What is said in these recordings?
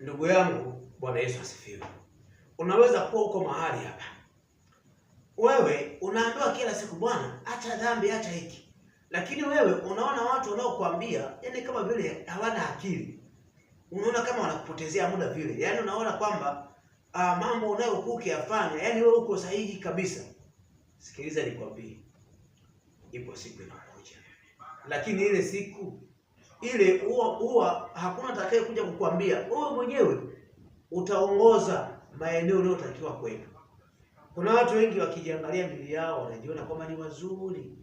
Ndugu yangu, Bwana Yesu asifiwe. Unaweza kuwa uko mahali hapa, wewe unaambiwa kila siku, bwana, acha dhambi, acha hiki, lakini wewe unaona watu wanaokuambia, yani kama vile hawana akili, unaona kama wanakupotezea muda vile, yani unaona kwamba uh, mambo unayokuwa ukiyafanya, yani wewe uko sahihi kabisa. Sikiliza nikwambie, ipo siku inakuja, lakini ile siku ile huwa huwa hakuna atakaye kuja kukuambia wewe mwenyewe, utaongoza maeneo unayotakiwa kwenda. Kuna watu wengi wakijiangalia mili yao wanajiona kwamba ni wazuri,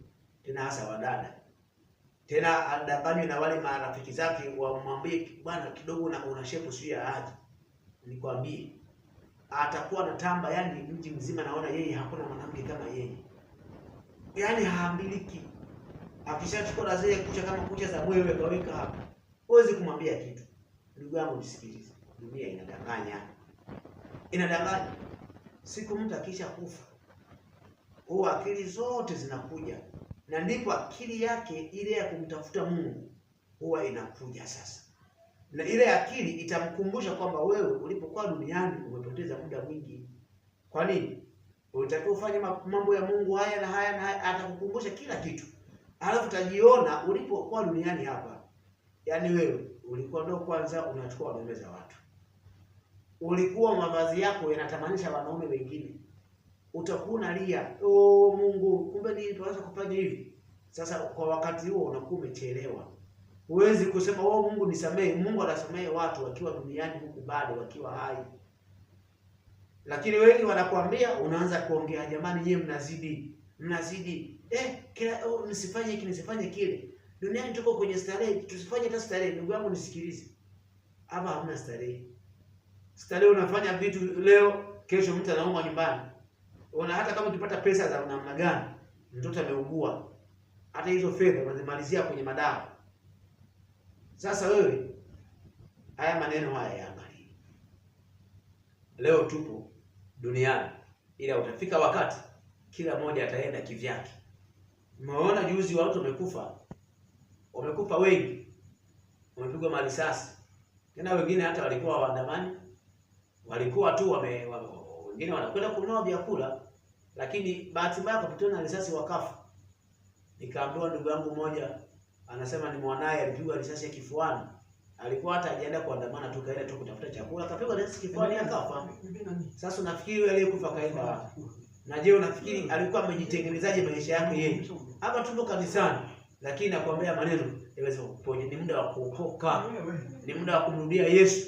tena hasa wadada, tena adanganywe na wale marafiki zake wamwambie, bwana kidogo na una shepu sio ya haja. Nikwambie atakuwa na tamba, yani mji mzima naona yeye hakuna mwanamke kama yeye, yani haambiliki akishachukua na zile kucha kama kucha za mwewe kaweka hapo, huwezi kumwambia kitu. Ndugu yangu nisikilize, dunia inadanganya, inadanganya. Siku mtu akisha kufa huwa akili zote zinakuja, na ndipo akili yake ile ya kumtafuta Mungu huwa inakuja sasa, na ile akili itamkumbusha kwamba wewe ulipokuwa duniani umepoteza muda mwingi. Kwa nini? Ulitakiwa ufanye mambo ya Mungu haya na haya na haya, atakukumbusha kila kitu alafu utajiona ulipokuwa duniani hapa, yaani wewe ulikuwa ndio kwanza unachukua wanaume za watu, ulikuwa mavazi yako yanatamanisha wanaume wengine, utakuwa unalia oh, Mungu, kumbe nini kufanya hivi. Sasa kwa wakati huo unakuwa umechelewa, huwezi kusema oh, Mungu nisamehe. Mungu anasamehe watu wakiwa duniani huku bado wakiwa hai, lakini wengi wanakuambia, unaanza kuongea, jamani, yeye mnazidi mnazidi eh, kila oh, msifanye hiki nisifanye kile. Duniani tuko kwenye starehe, tusifanye hata starehe. Ndugu yangu nisikilize, hapa hamna starehe. Starehe unafanya vitu leo, kesho mtu anaumwa nyumbani. Ona, hata kama ukipata pesa za namna gani, mtoto ameugua, hata hizo fedha unazimalizia kwenye madawa. Sasa wewe, haya maneno haya yaangalie, leo tupo duniani, ila utafika wakati kila mmoja ataenda kivyake. Umeona juzi watu wamekufa, wamekufa wengi, wamepigwa marisasi, tena wengine hata walikuwa waandamani, walikuwa tu wame, wame wengine wanakwenda kununua vyakula, lakini bahati mbaya wakapitwa na risasi wakafa. Nikaambiwa ndugu yangu mmoja anasema ni mwanaye alipigwa risasi ya kifuani, alikuwa hata hajaenda kuandamana tu, kaenda tu kutafuta chakula, akapigwa risasi kifuani, akafa. Sasa unafikiri yule aliyekufa kaenda wapi? Na je, unafikiri alikuwa amejitengenezaje maisha yake yeye? Hapa tupo kanisani, lakini nakwambia maneno yaweza kuponya. Ni muda wa kuokoka, ni muda wa kumrudia Yesu.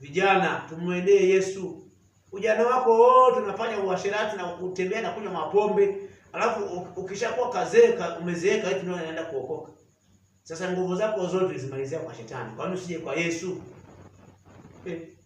Vijana, tumwendee Yesu. Ujana wako wote unafanya uasherati na kutembea na kunywa mapombe, alafu ukishakuwa kazeeka, umezeeka, eti ndio unaenda kuokoka. Sasa nguvu zako zote zimalizia kwa shetani, kwani usije kwa Yesu eh?